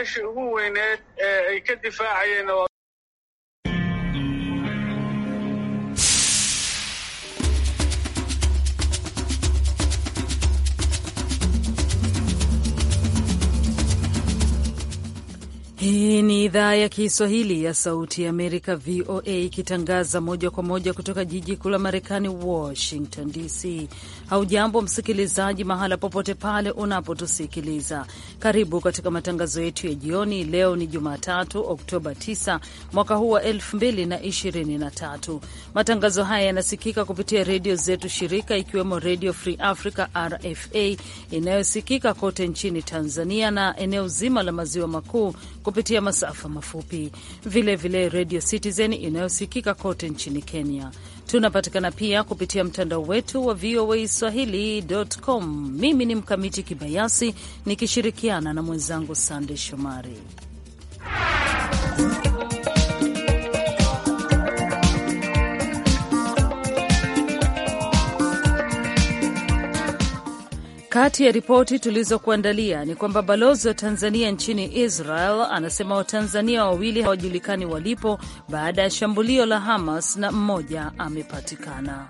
meeshii ugu weyneed ee ay ka difaacayeen. Hii ni idhaa ya Kiswahili ya Sauti ya Amerika, VOA, ikitangaza moja kwa moja kutoka jiji kuu la Marekani, Washington DC. Haujambo msikilizaji, mahala popote pale unapotusikiliza, karibu katika matangazo yetu ya jioni. Leo ni Jumatatu, Oktoba 9 mwaka huu wa 2023. Matangazo haya yanasikika kupitia redio zetu shirika, ikiwemo Redio Free Africa RFA inayosikika kote nchini Tanzania na eneo zima la maziwa makuu kupitia masafa mafupi, vilevile Redio Citizen inayosikika kote nchini Kenya. Tunapatikana pia kupitia mtandao wetu wa VOA Swahili.com. Mimi ni Mkamiti Kibayasi nikishirikiana na mwenzangu Sande Shomari. Kati ya ripoti tulizokuandalia ni kwamba balozi wa Tanzania nchini Israel anasema Watanzania wawili hawajulikani walipo baada ya shambulio la Hamas na mmoja amepatikana.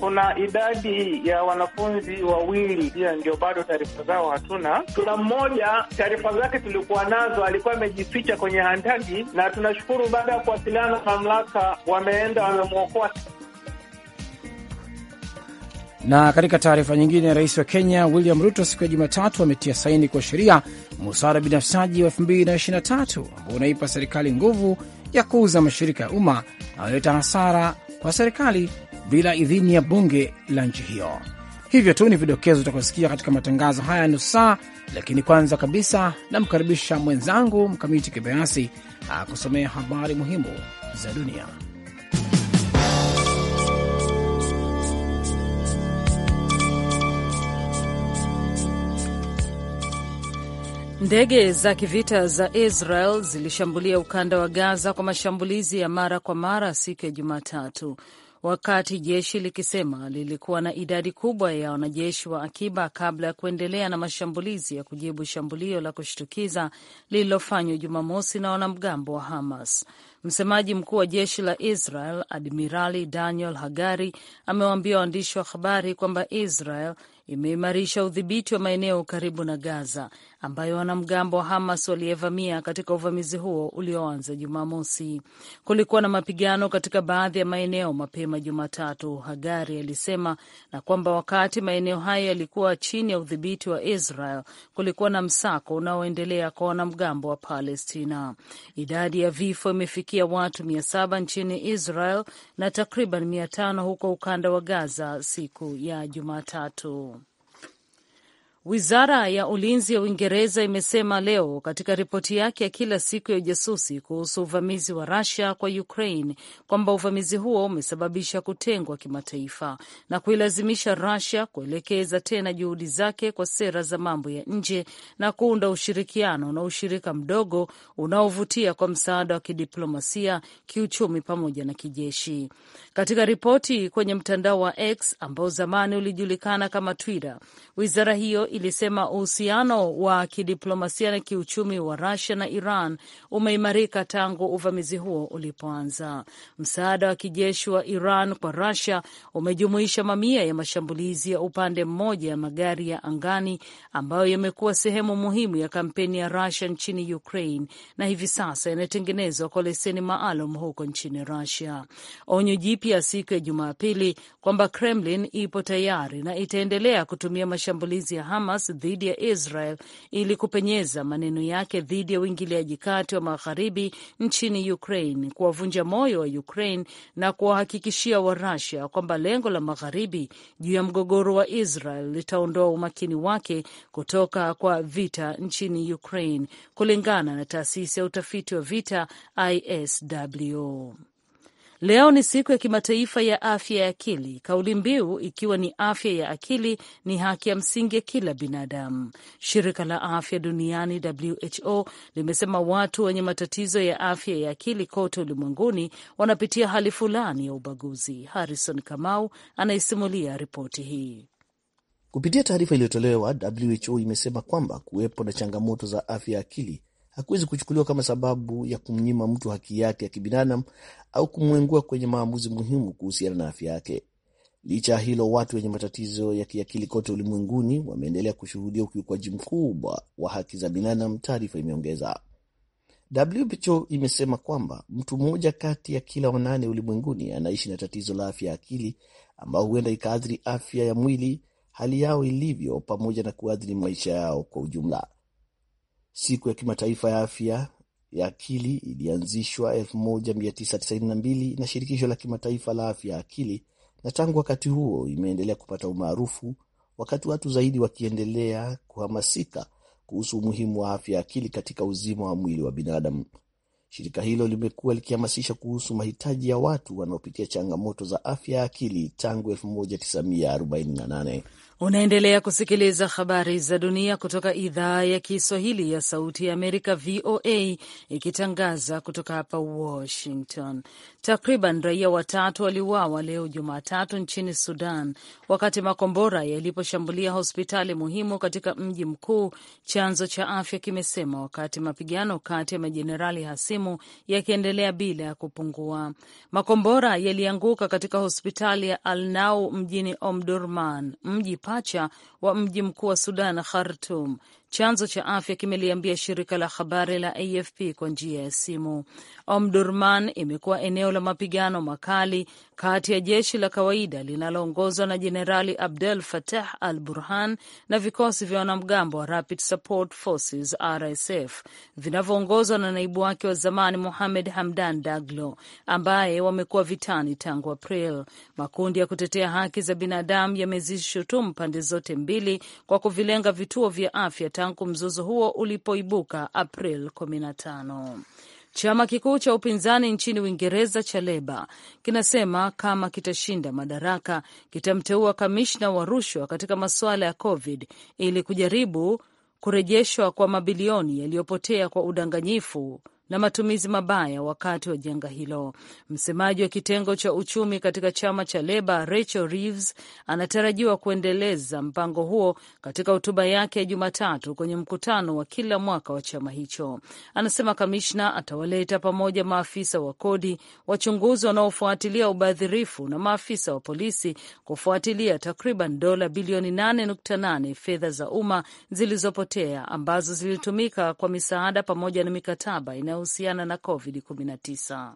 Kuna idadi ya wanafunzi wawili pia ndio bado taarifa zao hatuna. Tuna mmoja taarifa zake tulikuwa nazo, alikuwa amejificha kwenye handaki, na tunashukuru baada ya kuwasiliana na mamlaka wameenda wamemwokoa. Na katika taarifa nyingine, rais wa Kenya William Ruto siku ya Jumatatu ametia saini kwa sheria mswada binafsaji wa 2023 ambao unaipa serikali nguvu ya kuuza mashirika ya umma anayoleta hasara kwa serikali bila idhini ya bunge la nchi hiyo. Hivyo tu ni vidokezo utakaosikia katika matangazo haya nusu saa, lakini kwanza kabisa namkaribisha mwenzangu Mkamiti Kibayasi akusomea habari muhimu za dunia. Ndege za kivita za Israel zilishambulia ukanda wa Gaza kwa mashambulizi ya mara kwa mara siku ya Jumatatu, wakati jeshi likisema lilikuwa na idadi kubwa ya wanajeshi wa akiba kabla ya kuendelea na mashambulizi ya kujibu shambulio la kushtukiza lililofanywa Jumamosi na wanamgambo wa Hamas. Msemaji mkuu wa jeshi la Israel Admirali Daniel Hagari amewaambia waandishi wa habari kwamba Israel imeimarisha udhibiti wa maeneo karibu na Gaza ambayo wanamgambo wa Hamas waliyevamia katika uvamizi huo ulioanza Jumamosi. Kulikuwa na mapigano katika baadhi ya maeneo mapema Jumatatu, Hagari alisema, na kwamba wakati maeneo hayo yalikuwa chini ya udhibiti wa Israel, kulikuwa na msako unaoendelea kwa wanamgambo wa Palestina. Idadi ya vifo imefikia watu mia saba nchini Israel na takriban mia tano huko ukanda wa Gaza siku ya Jumatatu. Wizara ya ulinzi ya Uingereza imesema leo katika ripoti yake ya kila siku ya ujasusi kuhusu uvamizi wa rasia kwa Ukraine kwamba uvamizi huo umesababisha kutengwa kimataifa na kuilazimisha rasia kuelekeza tena juhudi zake kwa sera za mambo ya nje na kuunda ushirikiano na ushirika mdogo unaovutia kwa msaada wa kidiplomasia, kiuchumi pamoja na kijeshi. Katika ripoti kwenye mtandao wa X ambao zamani ulijulikana kama Twitter, wizara hiyo ilisema uhusiano wa kidiplomasia na kiuchumi wa Rusia na Iran umeimarika tangu uvamizi huo ulipoanza. Msaada wa kijeshi wa Iran kwa Rusia umejumuisha mamia ya mashambulizi ya upande mmoja ya magari ya angani ambayo yamekuwa sehemu muhimu ya kampeni ya Rusia nchini Ukraine na hivi sasa yanatengenezwa kwa leseni maalum huko nchini Rusia. Onyo jipya siku ya Jumapili kwamba Kremlin ipo tayari na itaendelea kutumia mashambulizi ya Hamas Hamas dhidi ya Israel ili kupenyeza maneno yake dhidi ya uingiliaji kati wa magharibi nchini Ukraine, kuwavunja moyo wa Ukraine na kuwahakikishia Warusia kwamba lengo la magharibi juu ya mgogoro wa Israel litaondoa umakini wake kutoka kwa vita nchini Ukraine, kulingana na taasisi ya utafiti wa vita ISW. Leo ni siku ya kimataifa ya afya ya akili, kauli mbiu ikiwa ni afya ya akili ni haki ya msingi ya kila binadamu. Shirika la afya duniani WHO limesema watu wenye matatizo ya afya ya akili kote ulimwenguni wanapitia hali fulani ya ubaguzi. Harrison Kamau anaisimulia ripoti hii. Kupitia taarifa iliyotolewa, WHO imesema kwamba kuwepo na changamoto za afya ya akili hakuwezi kuchukuliwa kama sababu ya kumnyima mtu haki yake ya kibinadamu au kumwengua kwenye maamuzi muhimu kuhusiana na afya yake. Licha ya hilo, watu wenye matatizo ya kiakili kote ulimwenguni wameendelea kushuhudia ukiukwaji mkubwa wa haki za binadamu, taarifa imeongeza. WHO imesema kwamba mtu mmoja kati ya kila wanane ulimwenguni anaishi na tatizo la afya ya akili ambao huenda ikaathiri afya ya mwili, hali yao ilivyo, pamoja na kuathiri maisha yao kwa ujumla. Siku ya Kimataifa ya Afya ya Akili ilianzishwa 1992 na na Shirikisho la Kimataifa la Afya ya Akili na tangu wakati huo imeendelea kupata umaarufu wakati watu zaidi wakiendelea kuhamasika kuhusu umuhimu wa afya ya akili katika uzima wa mwili wa binadamu. Shirika hilo limekuwa likihamasisha kuhusu mahitaji ya watu wanaopitia changamoto za afya ya akili tangu 1948. Unaendelea kusikiliza habari za dunia kutoka idhaa ya Kiswahili ya Sauti ya Amerika, VOA, ikitangaza kutoka hapa Washington. Takriban raia watatu waliuawa leo Jumatatu nchini Sudan wakati makombora yaliposhambulia hospitali muhimu katika mji mkuu, chanzo cha afya kimesema, wakati mapigano kati ya majenerali hasimu yakiendelea bila ya kupungua. Makombora yalianguka katika hospitali ya Al Nau mjini Omdurman, mji pacha wa mji mkuu wa Sudan, Khartum, Chanzo cha afya kimeliambia shirika la habari la AFP kwa njia ya simu. Omdurman imekuwa eneo la mapigano makali kati ya jeshi la kawaida linaloongozwa na Jenerali Abdel Fattah al Burhan na vikosi vya wanamgambo wa Rapid Support Forces RSF vinavyoongozwa na naibu wake wa zamani Mohamed Hamdan Daglo ambaye wamekuwa vitani tangu April. Makundi ya kutetea haki za binadamu yamezishutumu pande zote mbili kwa kuvilenga vituo vya afya tangu mzozo huo ulipoibuka April 15. Chama kikuu cha upinzani nchini Uingereza cha Leba kinasema kama kitashinda madaraka kitamteua kamishna wa rushwa katika masuala ya Covid ili kujaribu kurejeshwa kwa mabilioni yaliyopotea kwa udanganyifu na matumizi mabaya wakati wa janga hilo. Msemaji wa kitengo cha uchumi katika chama cha Leba, Rachel Reeves, anatarajiwa kuendeleza mpango huo katika hotuba yake ya Jumatatu kwenye mkutano wa kila mwaka wa chama hicho. Anasema kamishna atawaleta pamoja maafisa wa kodi, wachunguzi wanaofuatilia ubadhirifu na maafisa wa polisi kufuatilia takriban dola bilioni 8.8 fedha za umma zilizopotea ambazo zilitumika kwa misaada pamoja na mikataba ina inayohusiana na COVID-19.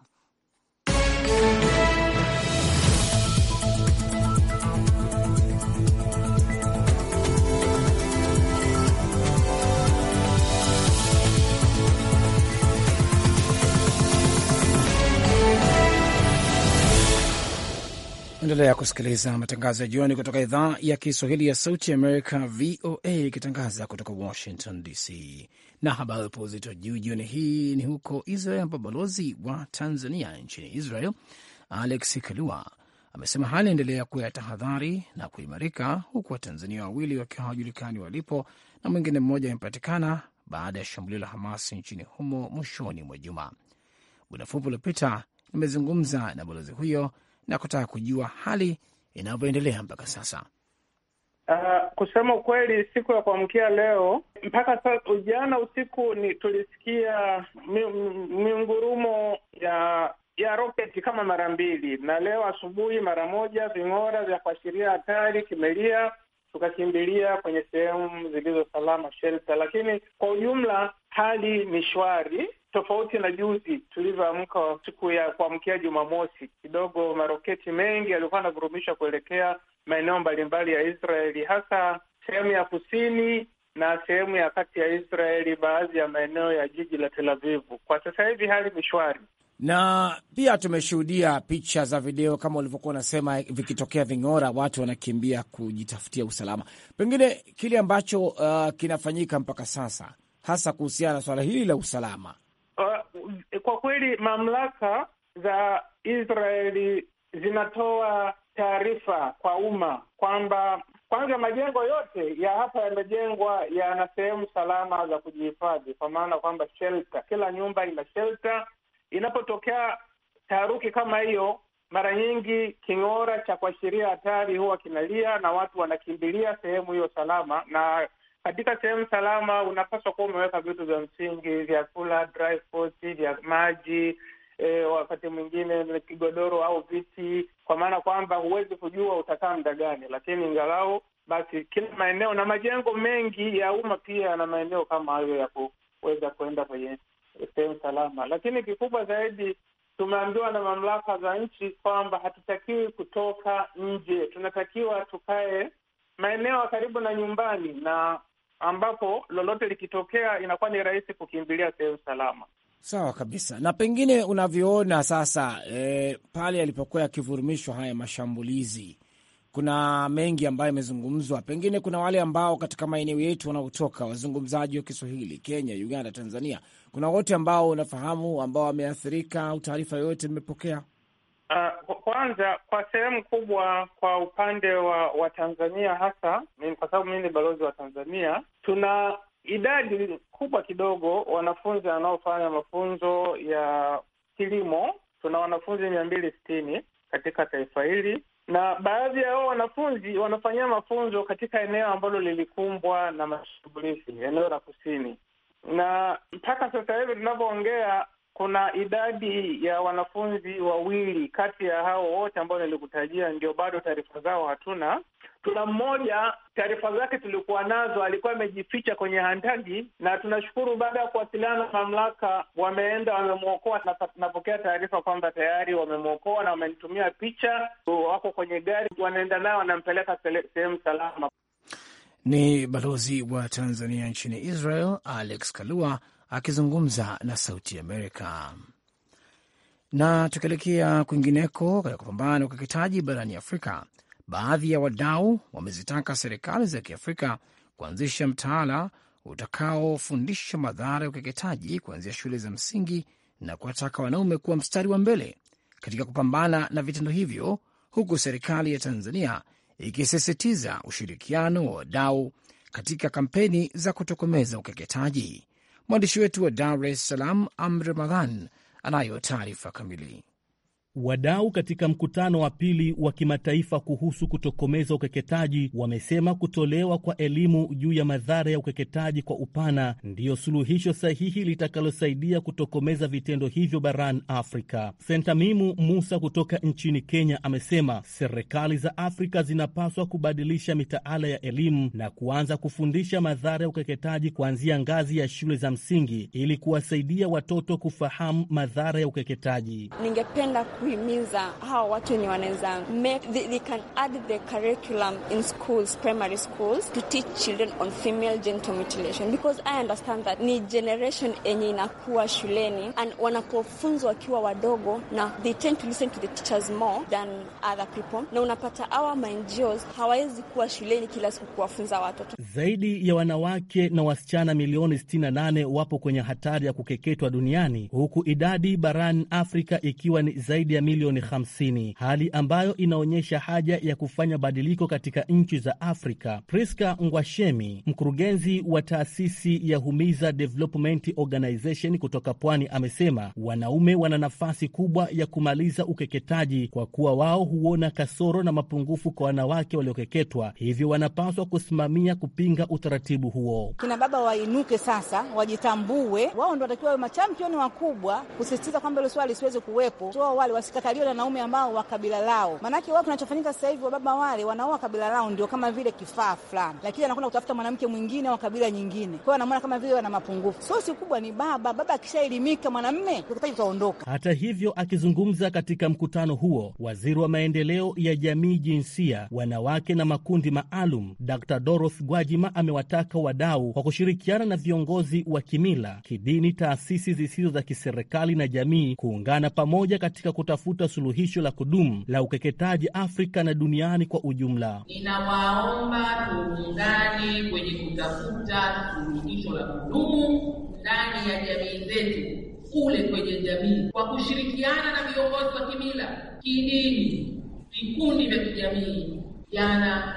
Endelea kusikiliza matangazo ya jioni kutoka idhaa ya Kiswahili ya Sauti Amerika, VOA, ikitangaza kutoka Washington DC. Na habari upo uzito juu jioni hii ni huko Israel, ambapo balozi wa Tanzania nchini Israel Alex Kalua amesema hali inaendelea kuwa ya tahadhari na kuimarika, huku Watanzania wawili wakiwa hawajulikani walipo na mwingine mmoja amepatikana baada ya shambulio la Hamas nchini humo mwishoni mwa juma. Muda mfupi uliopita nimezungumza na balozi huyo na kutaka kujua hali inavyoendelea mpaka sasa. Uh, kusema ukweli, siku ya kuamkia leo mpaka sasa, jana usiku ni tulisikia miungurumo ya ya roketi kama mara mbili, na leo asubuhi mara moja, ving'ora vya kuashiria hatari kimelia tukakimbilia kwenye sehemu zilizo salama shelter, lakini kwa ujumla hali ni shwari, tofauti na juzi tulivyoamka siku ya kuamkia Jumamosi. Kidogo maroketi mengi yalikuwa anavurumishwa kuelekea maeneo mbalimbali ya Israeli, hasa sehemu ya kusini na sehemu ya kati ya Israeli, baadhi ya maeneo ya jiji la Tel Avivu. Kwa sasa hivi hali ni shwari na pia tumeshuhudia picha za video kama ulivyokuwa unasema, vikitokea ving'ora, watu wanakimbia kujitafutia usalama. Pengine kile ambacho uh, kinafanyika mpaka sasa, hasa kuhusiana na swala hili la usalama uh, kwa kweli mamlaka za Israeli zinatoa taarifa kwa umma kwamba kwanza majengo yote ya hapa yamejengwa yana sehemu salama za kujihifadhi, kwa maana kwamba shelta kila nyumba ina shelta Inapotokea taharuki kama hiyo, mara nyingi king'ora cha kuashiria hatari huwa kinalia na watu wanakimbilia sehemu hiyo salama. Na katika sehemu salama unapaswa kuwa umeweka vitu vya msingi, vyakula, dry food, vya maji E, wakati mwingine kigodoro au viti, kwa maana kwamba huwezi kujua utakaa muda gani, lakini ingalau basi kila maeneo na majengo mengi ya umma pia yana maeneo kama hayo ya kuweza kuenda kwenye sehemu salama. Lakini kikubwa zaidi, tumeambiwa na mamlaka za nchi kwamba hatutakiwi kutoka nje, tunatakiwa tukae maeneo karibu na nyumbani, na ambapo lolote likitokea inakuwa ni rahisi kukimbilia sehemu salama. Sawa kabisa. Na pengine unavyoona sasa, e, pale yalipokuwa yakivurumishwa haya mashambulizi kuna mengi ambayo yamezungumzwa. Pengine kuna wale ambao katika maeneo yetu wanaotoka wazungumzaji wa Kiswahili, Kenya, Uganda, Tanzania, kuna wote ambao unafahamu ambao wameathirika au taarifa yoyote mmepokea? Uh, kwanza kwa sehemu kubwa kwa upande wa, wa Tanzania hasa mimi, kwa sababu mimi ni balozi wa Tanzania, tuna idadi kubwa kidogo wanafunzi wanaofanya mafunzo ya kilimo. Tuna wanafunzi mia mbili sitini katika taifa hili na baadhi ya wao wanafunzi wanafanyia mafunzo katika eneo ambalo lilikumbwa na mashambulizi, eneo la kusini. Na mpaka sasa hivi tunavyoongea, kuna idadi ya wanafunzi wawili kati ya hao wote ambao nilikutajia, ndio bado taarifa zao hatuna, Tuna mmoja taarifa zake tulikuwa nazo, alikuwa amejificha kwenye handaki, na tunashukuru baada ya kuwasiliana na mamlaka wameenda wamemwokoa, tunapokea taarifa kwamba tayari wamemwokoa na wamenitumia picha, wako kwenye gari, wanaenda naye, wanampeleka sehemu salama. Ni balozi wa Tanzania nchini Israel Alex Kalua akizungumza na Sauti Amerika. Na tukielekea kwingineko katika kupambana na ukeketaji barani Afrika, Baadhi ya wadau wamezitaka serikali za Kiafrika kuanzisha mtaala utakaofundisha madhara ya ukeketaji kuanzia shule za msingi na kuwataka wanaume kuwa mstari wa mbele katika kupambana na vitendo hivyo, huku serikali ya Tanzania ikisisitiza ushirikiano wa wadau katika kampeni za kutokomeza ukeketaji. Mwandishi wetu wa Dar es Salaam, Amri Ramadhan, anayo taarifa kamili. Wadau katika mkutano wa pili wa kimataifa kuhusu kutokomeza ukeketaji wamesema kutolewa kwa elimu juu ya madhara ya ukeketaji kwa upana ndiyo suluhisho sahihi litakalosaidia kutokomeza vitendo hivyo barani Afrika. Sentamimu Musa kutoka nchini Kenya amesema serikali za Afrika zinapaswa kubadilisha mitaala ya elimu na kuanza kufundisha madhara ya ukeketaji kuanzia ngazi ya shule za msingi ili kuwasaidia watoto kufahamu madhara ya ukeketaji. Ningependa maybe hawa watu wenye wanaweza make they, they can add the curriculum in schools primary schools to teach children on female genital mutilation because I understand that ni generation yenye inakuwa shuleni and wanapofunzwa wakiwa wadogo na they tend to listen to the teachers more than other people, na unapata hawa mangios hawawezi kuwa shuleni kila siku kuwafunza watoto. Zaidi ya wanawake na wasichana milioni 68 wapo kwenye hatari ya kukeketwa duniani huku idadi barani Afrika ikiwa ni zaidi zaidi ya milioni 50, hali ambayo inaonyesha haja ya kufanya badiliko katika nchi za Afrika. Priska Ngwashemi, mkurugenzi wa taasisi ya Humiza Development Organization kutoka Pwani, amesema wanaume wana nafasi kubwa ya kumaliza ukeketaji kwa kuwa wao huona kasoro na mapungufu kwa wanawake waliokeketwa, hivyo wanapaswa kusimamia kupinga utaratibu huo. Kina baba wainuke sasa, wajitambue, wao ndo watakiwa wawe machampioni wakubwa, kusisitiza kwamba hilo swala lisiweze kuwepo. So, wale wasikataliwe na wanaume ambao wa kabila lao. Maanake wao kinachofanyika sasa hivi, wababa wale wanaoa kabila lao ndio kama vile kifaa fulani, lakini anakwenda kutafuta mwanamke mwingine wa kabila nyingine, kwa hiyo anamwona kama vile wana mapungufu. Sosi kubwa ni baba. Baba akishaelimika mwanamme ukitaji utaondoka. Hata hivyo, akizungumza katika mkutano huo, waziri wa maendeleo ya jamii, jinsia, wanawake na makundi maalum, Dr. Dorothy Gwajima amewataka wadau kwa kushirikiana na viongozi wa kimila, kidini, taasisi zisizo za kiserikali na jamii kuungana pamoja katika kutafuta suluhisho la kudumu la ukeketaji Afrika na duniani kwa ujumla. Ninawaomba tuungane kwenye kutafuta suluhisho la kudumu ndani ya jamii zetu kule kwenye jamii kwa kushirikiana na viongozi wa kimila, kidini, vikundi vya kijamii, vijana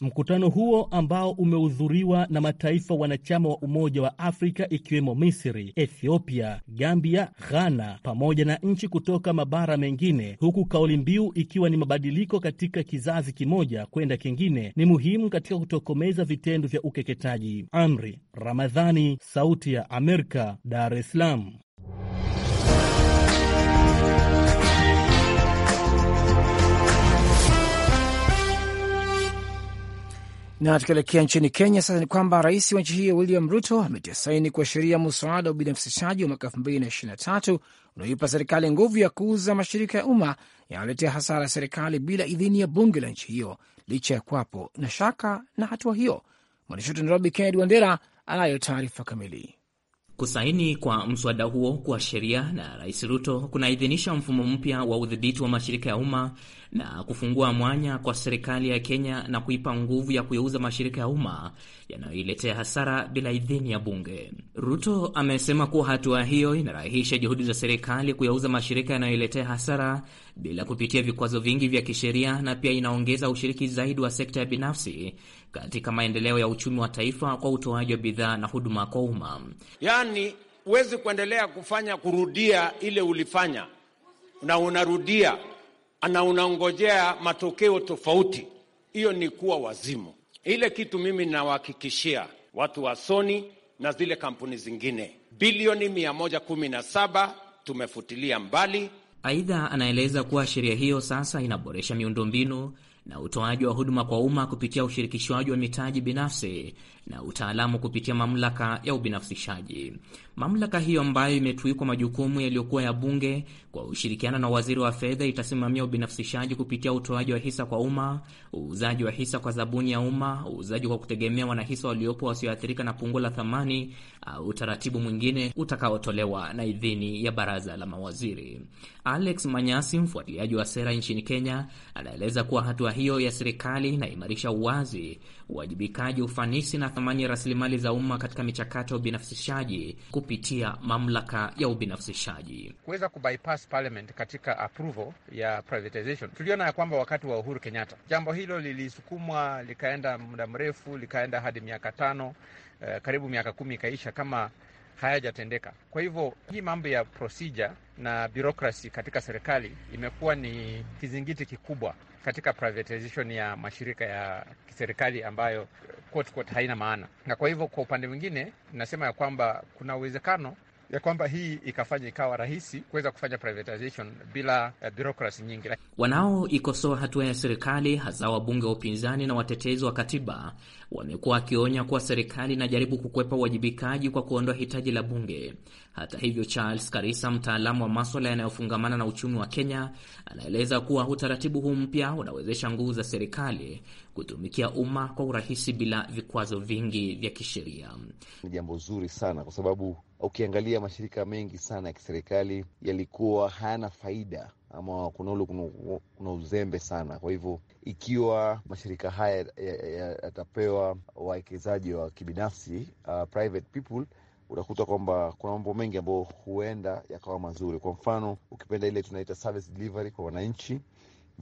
Mkutano huo ambao umehudhuriwa na mataifa wanachama wa Umoja wa Afrika ikiwemo Misri, Ethiopia, Gambia, Ghana pamoja na nchi kutoka mabara mengine, huku kauli mbiu ikiwa ni mabadiliko katika kizazi kimoja kwenda kingine, ni muhimu katika kutokomeza vitendo vya ukeketaji. Amri Ramadhani, Sauti ya Amerika, Dar es Salaam. Na tukielekea nchini Kenya sasa, ni kwamba rais wa nchi hiyo William Ruto ametia saini kuashiria msaada wa ubinafsishaji wa mwaka elfu mbili na ishirini na tatu unaoipa serikali nguvu ya kuuza mashirika ya umma yanayoletea hasara ya serikali bila idhini ya bunge la nchi hiyo, licha ya kuwapo na shaka na hatua hiyo. Mwandishi wetu Nairobi, Kennedy Wandera anayo taarifa kamili. Kusaini kwa mswada huo kuwa sheria na Rais Ruto kunaidhinisha mfumo mpya wa udhibiti wa mashirika ya umma na kufungua mwanya kwa serikali ya Kenya na kuipa nguvu ya kuyauza mashirika ya umma yanayoiletea hasara bila idhini ya bunge. Ruto amesema kuwa hatua hiyo inarahisha juhudi za serikali kuyauza mashirika yanayoiletea hasara bila kupitia vikwazo vingi vya kisheria, na pia inaongeza ushiriki zaidi wa sekta ya binafsi katika maendeleo ya uchumi wa taifa kwa utoaji wa bidhaa na huduma kwa umma. Yaani huwezi kuendelea kufanya kurudia ile ulifanya na unarudia na unaongojea matokeo tofauti. Hiyo ni kuwa wazimu. Ile kitu mimi nawahakikishia watu wa Sony na zile kampuni zingine, bilioni 117 tumefutilia mbali Aidha, anaeleza kuwa sheria hiyo sasa inaboresha miundombinu na utoaji wa huduma kwa umma kupitia ushirikishwaji wa mitaji binafsi na utaalamu kupitia mamlaka ya ubinafsishaji. Mamlaka hiyo ambayo imetuikwa majukumu yaliyokuwa ya bunge kwa ushirikiano na waziri wa fedha itasimamia ubinafsishaji kupitia utoaji wa hisa kwa umma, uuzaji wa hisa kwa zabuni ya umma, uuzaji kwa kutegemea wanahisa waliopo wasioathirika na punguo la thamani au utaratibu mwingine utakaotolewa na idhini ya baraza la mawaziri. Alex Manyasi, mfuatiliaji wa sera nchini Kenya, anaeleza kuwa hatua hiyo ya serikali inaimarisha uwazi, uwajibikaji, ufanisi na thamani ya rasilimali za umma katika michakato ya ubinafsishaji kupitia mamlaka ya ubinafsishaji, kuweza kubypass parliament katika approval ya privatization. Tuliona ya kwamba wakati wa Uhuru Kenyatta jambo hilo lilisukumwa likaenda muda mrefu, likaenda hadi miaka tano, eh, karibu miaka kumi ikaisha kama hayajatendeka. Kwa hivyo hii mambo ya procedure na birokrasi katika serikali imekuwa ni kizingiti kikubwa katika privatization ya mashirika ya kiserikali ambayo quote quote haina maana. Na kwa hivyo, kwa upande mwingine, nasema ya kwamba kuna uwezekano ya kwamba hii ikafanya ikawa rahisi kuweza kufanya privatization bila uh, bureaucracy nyingi. Wanaoikosoa hatua ya serikali hasa wabunge wa upinzani na watetezi wa katiba wamekuwa wakionya kuwa serikali inajaribu kukwepa uwajibikaji kwa kuondoa hitaji la bunge. Hata hivyo, Charles Karisa, mtaalamu wa maswala yanayofungamana na uchumi wa Kenya, anaeleza kuwa utaratibu huu mpya unawezesha nguvu za serikali kutumikia umma kwa urahisi bila vikwazo vingi vya kisheria. Ni jambo zuri sana kwa sababu ukiangalia mashirika mengi sana ya kiserikali yalikuwa hayana faida ama kuna ule kuna uzembe sana. Kwa hivyo ikiwa mashirika haya yatapewa wawekezaji wa kibinafsi, uh, private people utakuta kwamba kuna mambo mengi ambayo huenda yakawa mazuri. Kwa mfano, ukipenda ile tunaita service delivery kwa wananchi,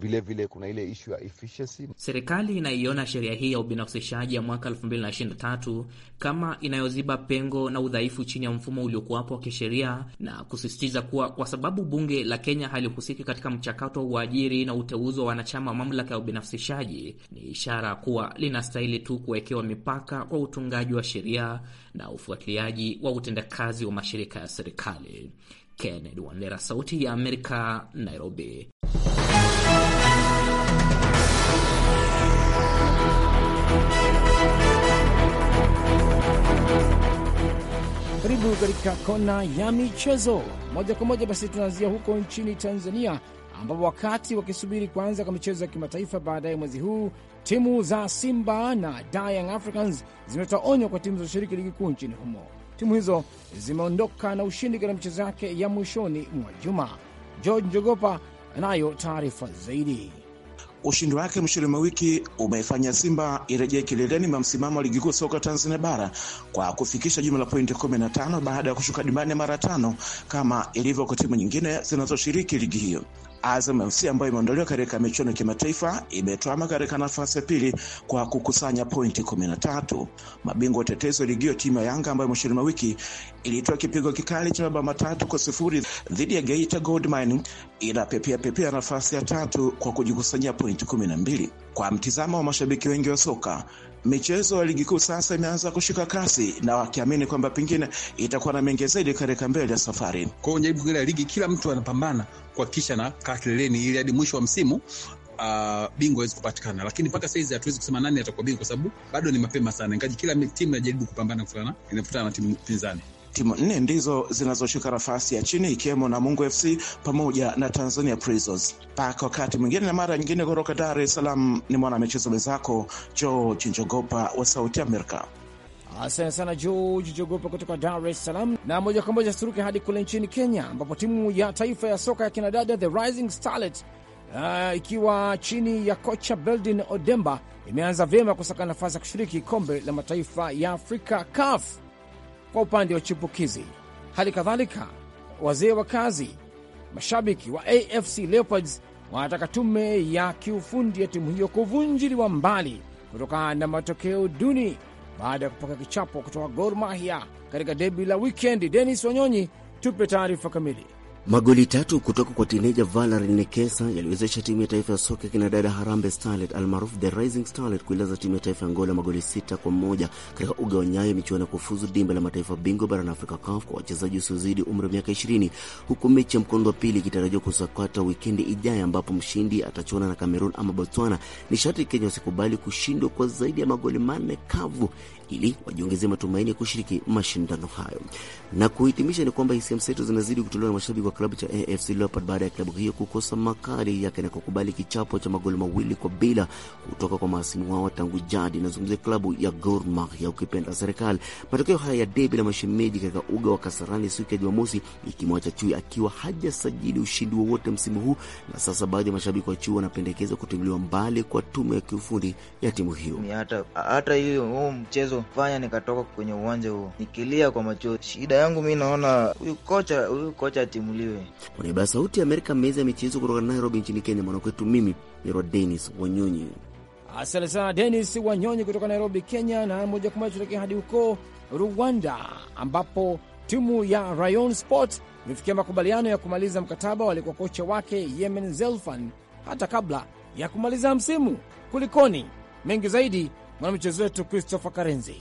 vile vile kuna ile ishu ya efficiency. Serikali inaiona sheria hii ya ubinafsishaji ya mwaka 2023 kama inayoziba pengo na udhaifu chini ya mfumo uliokuwapo wa kisheria, na kusisitiza kuwa kwa sababu bunge la Kenya halihusiki katika mchakato wa uajiri na uteuzi wa wanachama wa mamlaka ya ubinafsishaji, ni ishara kuwa linastahili tu kuwekewa mipaka kwa utungaji wa sheria na ufuatiliaji wa utendakazi wa mashirika ya serikali. Kennedy Wandera, Sauti ya Amerika, Nairobi. Karibu katika kona ya michezo moja kwa moja. Basi tunaanzia huko nchini Tanzania, ambapo wakati wakisubiri kuanza kwa michezo ya kimataifa baadaye mwezi huu, timu za Simba na Young Africans zimetoa onyo kwa timu zinazoshiriki ligi kuu nchini humo. Timu hizo zimeondoka na ushindi katika michezo yake ya mwishoni mwa juma. George Njogopa anayo taarifa zaidi. Ushindi wake mwishoni mwa wiki umeifanya Simba irejee kileleni mwa msimamo wa ligi kuu soka Tanzania bara kwa kufikisha jumla pointi 15 baada ya kushuka dimbani mara tano kama ilivyo kwa timu nyingine zinazoshiriki ligi hiyo. Azam FC ambayo imeondolewa katika michuano ya kimataifa imetwama katika nafasi ya pili kwa kukusanya pointi 13. Mabingwa watetezi wa ligi hiyo timu ya Yanga ambayo mwishoni mwa wiki ilitoa kipigo kikali cha mabao matatu kwa sifuri dhidi ya Geita Gold inapepea pepea nafasi ya tatu kwa kujikusanyia pointi 12. Kwa mtizamo wa mashabiki wengi wa soka michezo ya ligi kuu sasa imeanza kushika kasi na wakiamini kwamba pengine itakuwa na mengi zaidi katika mbele ya safari. Kwa hiyo jaribu kuangalia ligi, kila mtu anapambana kuhakikisha na kaa kileleni ili hadi mwisho wa msimu Uh, bingwa hawezi kupatikana, lakini mpaka saizi hatuwezi kusema nani atakuwa bingwa kwa sababu bado ni mapema sana, ingaji kila timu inajaribu kupambana kufutana inafutana na timu pinzani. Timu nne ndizo zinazoshika nafasi ya chini ikiwemo Namungo FC pamoja na Tanzania Prisons. Mpaka wakati mwingine na mara nyingine, kutoka Dar es Salaam ni mwana michezo mwenzako George Njogopa wa Sauti Amerika. Asante sana George Jogopa kutoka Dar es Salaam. Na moja kwa moja turuke hadi kule nchini Kenya, ambapo timu ya taifa ya soka ya kinadada The Rising Starlet uh, ikiwa chini ya kocha Beldin Odemba imeanza vyema kusaka nafasi ya kushiriki kombe la mataifa ya Afrika, CAF kwa upande wa chipukizi. Hali kadhalika, wazee wa kazi, mashabiki wa AFC Leopards wanataka tume ya kiufundi ya timu hiyo kuvunjiliwa mbali kutokana na matokeo duni baada ya kupokea kichapo kutoka Gor Mahia katika debi la wikendi. Denis Wanyonyi, tupe taarifa kamili. Magoli tatu kutoka kwa tineja Valerie Nekesa yaliwezesha timu ya taifa ya soka kinadada Harambe Starlet almaarufu The Rising Starlet kuilaza timu ya taifa ya Angola magoli sita kwa moja katika uga wa Nyayo, michuano ya kufuzu dimba la mataifa bingwa barani Afrika CAF kwa wachezaji usiozidi umri wa miaka 20, huku mechi ya mkondo wa pili ikitarajiwa kusakata wikendi ijayo, ambapo mshindi atachuana na Cameroon ama Botswana. Ni sharti Kenya wasikubali kushindwa kwa zaidi ya magoli manne kavu ili wajiongezee matumaini ya kushiriki mashindano hayo. Na kuhitimisha ni kwamba hisia mseto zinazidi kutolewa na mashabiki wa klabu cha AFC Leopards baada ya klabu hiyo kukosa makali yake na kukubali kichapo cha magoli mawili kwa bila kutoka kwa mahasimu wao tangu jadi. Inazungumzia klabu ya Gor Mahia ukipenda serikali. Matokeo haya ya debi la mashemeji katika uga wa Kasarani siku ya Jumamosi ikimwacha chui akiwa hajasajili ushindi wowote msimu huu, na sasa baadhi ya mashabiki wa chui wanapendekeza kutimuliwa mbali kwa tume ya kiufundi ya timu hiyo. Hata hiyo mchezo iliyofanya nikatoka kwenye uwanja huo nikilia kwa macho. Shida yangu mi naona huyu kocha huyu kocha atimuliwe. Kwa niaba ya Sauti ya Amerika, meza ya michezo kutoka Nairobi nchini Kenya, mwanakwetu mimi nirwa Denis Wanyonyi. Asante sana Denis Wanyonyi kutoka Nairobi, Kenya. Na moja kwa moja tuelekea hadi huko Rwanda ambapo timu ya Rayon Sport imefikia makubaliano ya kumaliza mkataba walikuwa kocha wake Yemen Zelfan hata kabla ya kumaliza msimu. Kulikoni mengi zaidi mwanamichezo wetu Christopher Karenzi.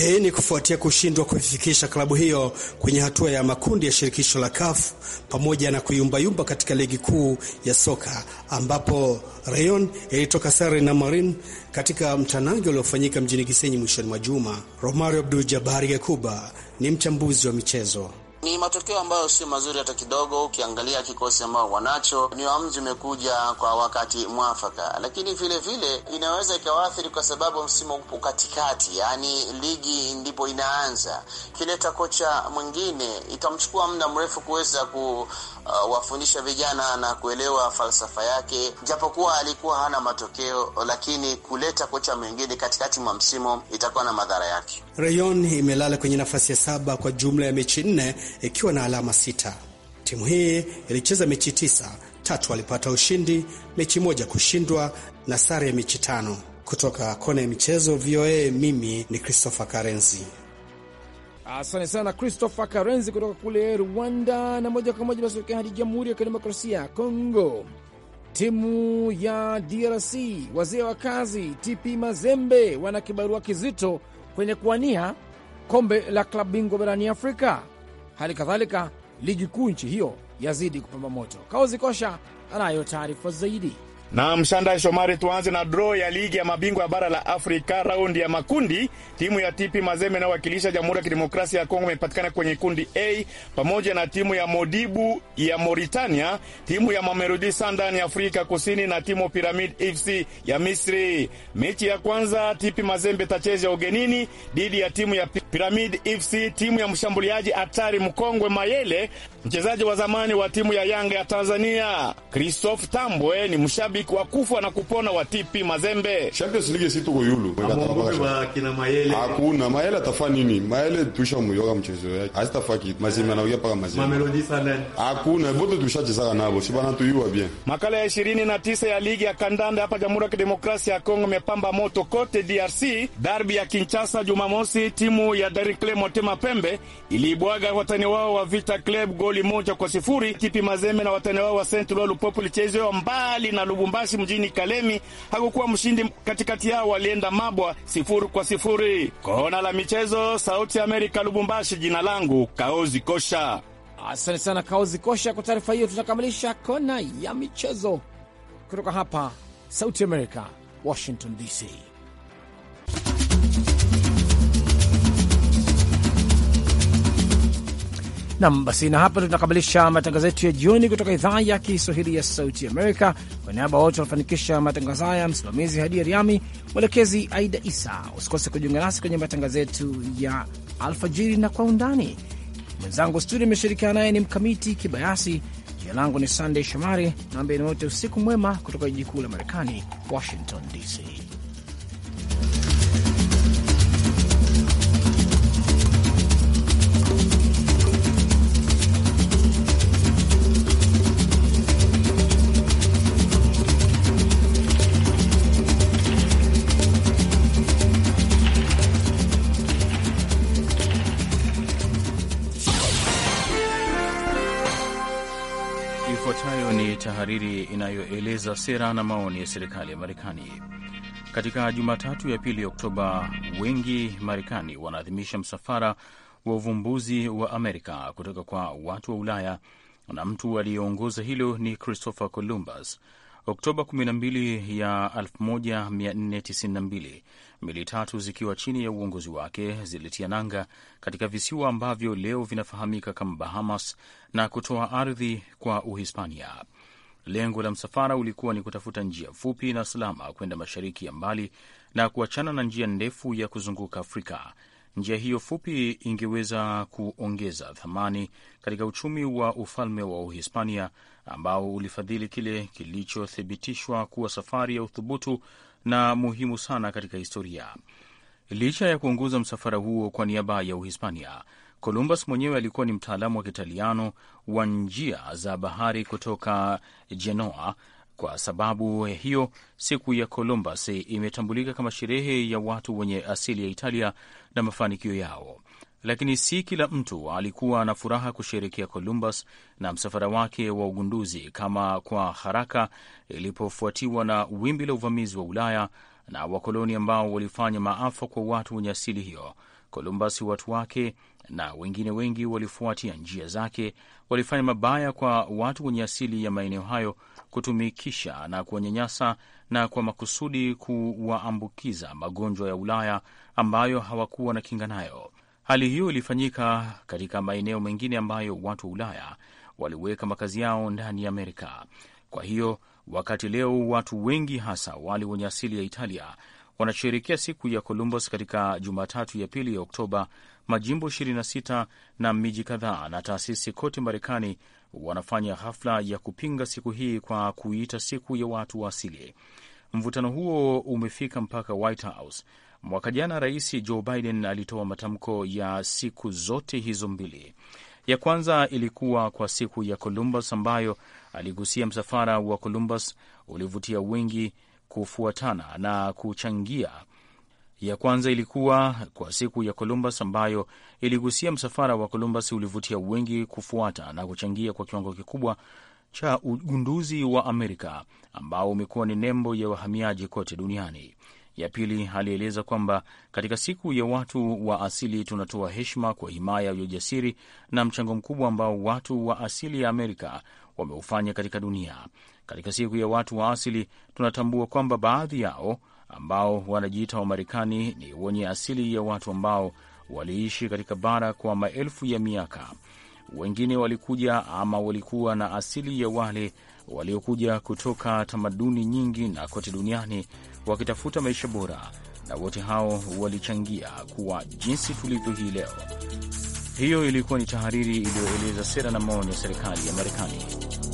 Hii ni kufuatia kushindwa kuifikisha klabu hiyo kwenye hatua ya makundi ya shirikisho la CAF pamoja na kuyumbayumba katika ligi kuu ya soka ambapo Rayon ilitoka sare na marin katika mtanangi uliofanyika mjini gisenyi mwishoni mwa juma. Romario Abdul Jabari Yakuba ni mchambuzi wa michezo. Ni matokeo ambayo sio mazuri hata kidogo. Ukiangalia kikosi ambao wanacho, ni uamuzi umekuja kwa wakati mwafaka, lakini vile vile inaweza ikawaathiri kwa sababu msimu upo katikati, yaani ligi ndipo inaanza. Kileta kocha mwingine itamchukua muda mrefu kuweza ku uh, wafundisha vijana na kuelewa falsafa yake, japokuwa alikuwa hana matokeo, lakini kuleta kocha mwingine katikati mwa msimu itakuwa na madhara yake. Rayon imelala kwenye nafasi ya saba kwa jumla ya mechi nne ikiwa na alama sita. Timu hii ilicheza mechi tisa, tatu walipata ushindi, mechi moja kushindwa na sare ya mechi tano. Kutoka kona ya michezo VOA, mimi ni Christopher Karenzi. Asante sana Christopher Karenzi kutoka kule Rwanda. Na moja kwa moja basi hadi Jamhuri ya Kidemokrasia ya Kongo, timu ya DRC wazee wa kazi TP Mazembe wana kibarua kizito kwenye kuwania kombe la klabu bingwa barani Afrika. Hali kadhalika ligi kuu nchi hiyo yazidi kupamba moto. Kaozi Kosha anayo taarifa zaidi. Na mshanda Shomari, tuanze na draw ya ligi ya mabingwa ya bara la Afrika raundi ya makundi. Timu ya TP Mazembe inayowakilisha Jamhuri ya Kidemokrasia ya Kongo imepatikana kwenye kundi A pamoja na timu ya Modibu ya Mauritania, timu ya Mamelodi Sundowns ya Afrika Kusini na timu Pyramid FC ya Misri. Mechi ya kwanza TP Mazembe tacheza ugenini dhidi ya timu ya Pyramid FC, timu ya mshambuliaji hatari mkongwe Mayele, mchezaji wa zamani wa timu ya Yanga ya Tanzania. Christophe Tambwe ni mshabi mashabiki wa kufa na kupona wa TP Mazembe. Champions League si tuko yulu hakuna Mayele atafaa nini? Mayele tusha muyoga mchezo yake asitafaa kitu mazima na mpaka mazima mamelodi salani hakuna bote tushachezaka nabo si bana tuyua bien. Makala ya 29 ya ligi ya kandanda hapa Jamhuri ya Kidemokrasia ya Kongo mepamba moto kote DRC. Darbi ya Kinshasa Jumamosi, timu ya Dar es Salaam Motema Pembe iliibwaga watani wao wa Vita Club goli moja kwa sifuri. Tipi Mazembe na watani wao wa Saint Eloi Lupopo lichezewa mbali na lubu Lubumbashi mjini Kalemi hakukuwa mshindi katikati yao, walienda mabwa sifuri kwa sifuri. Kona la michezo, Sauti ya Amerika, Lubumbashi. Jina langu Kaozi Kosha. Asante sana Kaozi Kosha kwa taarifa hiyo. Tunakamilisha kona ya michezo kutoka hapa Sauti Amerika, Washington DC. Nam basi, na hapa tunakamilisha matangazo yetu ya jioni kutoka idhaa ya Kiswahili ya Sauti Amerika. Kwa niaba wote wanafanikisha matangazo haya, msimamizi Hadi Ariami, mwelekezi Aida Isa. Usikose kujiunga nasi kwenye matangazo yetu ya alfajiri na kwa undani. Mwenzangu studio imeshirikiana naye ni Mkamiti Kibayasi. Jina langu ni Sandey Shomari na ambeni wote usiku mwema kutoka jiji kuu la Marekani, Washington DC. tahariri inayoeleza sera na maoni ya serikali ya Marekani. Katika Jumatatu ya pili Oktoba, wengi Marekani wanaadhimisha msafara wa uvumbuzi wa Amerika kutoka kwa watu wa Ulaya, na mtu aliyeongoza hilo ni Christopher Columbus. Oktoba 12 ya 1492 meli tatu zikiwa chini ya uongozi wake zilitia nanga katika visiwa ambavyo leo vinafahamika kama Bahamas na kutoa ardhi kwa Uhispania. Lengo la msafara ulikuwa ni kutafuta njia fupi na salama kwenda mashariki ya mbali na kuachana na njia ndefu ya kuzunguka Afrika. Njia hiyo fupi ingeweza kuongeza thamani katika uchumi wa ufalme wa Uhispania ambao ulifadhili kile kilichothibitishwa kuwa safari ya uthubutu na muhimu sana katika historia. Licha ya kuongoza msafara huo kwa niaba ya Uhispania, Columbus mwenyewe alikuwa ni mtaalamu wa Kitaliano wa njia za bahari kutoka Genoa. Kwa sababu hiyo, siku ya Columbus imetambulika kama sherehe ya watu wenye asili ya Italia na mafanikio yao. Lakini si kila mtu alikuwa na furaha kusherekea Columbus na msafara wake wa ugunduzi kama kwa haraka ilipofuatiwa na wimbi la uvamizi wa Ulaya na wakoloni ambao walifanya maafa kwa watu wenye asili hiyo. Columbus, watu wake na wengine wengi walifuatia njia zake, walifanya mabaya kwa watu wenye asili ya maeneo hayo, kutumikisha na kuwanyanyasa, na kwa makusudi kuwaambukiza magonjwa ya Ulaya ambayo hawakuwa na kinga nayo. Hali hiyo ilifanyika katika maeneo mengine ambayo watu wa Ulaya waliweka makazi yao ndani ya Amerika. Kwa hiyo wakati leo watu wengi hasa wale wenye asili ya Italia wanasherehekea siku ya Columbus katika Jumatatu ya pili ya Oktoba. Majimbo 26 na miji kadhaa na taasisi kote Marekani wanafanya hafla ya kupinga siku hii kwa kuiita siku ya watu wa asili. Mvutano huo umefika mpaka White House. Mwaka jana Rais Joe Biden alitoa matamko ya siku zote hizo mbili. Ya kwanza ilikuwa kwa siku ya Columbus ambayo aligusia msafara wa Columbus ulivutia wengi kufuatana na kuchangia. Ya kwanza ilikuwa kwa siku ya Columbus ambayo iligusia msafara wa Columbus ulivutia wengi kufuata na kuchangia kwa kiwango kikubwa cha ugunduzi wa Amerika ambao umekuwa ni nembo ya wahamiaji kote duniani. Ya pili alieleza kwamba katika siku ya watu wa asili tunatoa heshima kwa himaya ya ujasiri na mchango mkubwa ambao watu wa asili ya Amerika wameufanya katika dunia. Katika siku ya watu wa asili, tunatambua kwamba baadhi yao ambao wanajiita Wamarekani ni wenye asili ya watu ambao waliishi katika bara kwa maelfu ya miaka. Wengine walikuja ama walikuwa na asili ya wale waliokuja kutoka tamaduni nyingi na kote duniani wakitafuta maisha bora, na wote hao walichangia kuwa jinsi tulivyo hii leo. Hiyo ilikuwa ni tahariri iliyoeleza sera na maoni ya serikali ya Marekani.